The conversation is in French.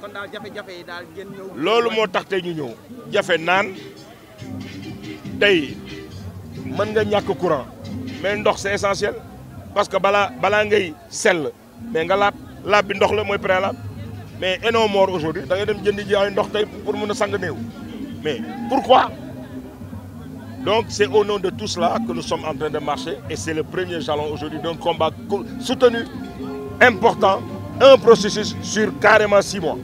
kon daal que nous avons fait. ngeen ñëw. tax tey ñu nga courant mais ndox c'est essentiel parce que bala bala ngay sel mais nga laab laab bi ndox la moy préalable mais eno mort aujourd'hui da ngay dem jëndi ji ay ndox tay pour mëna sang mais pourquoi donc c'est au nom de tout cela que nous sommes en train de marcher et c'est le premier jalon aujourd'hui d'un combat soutenu important un processus sur carrément six mois.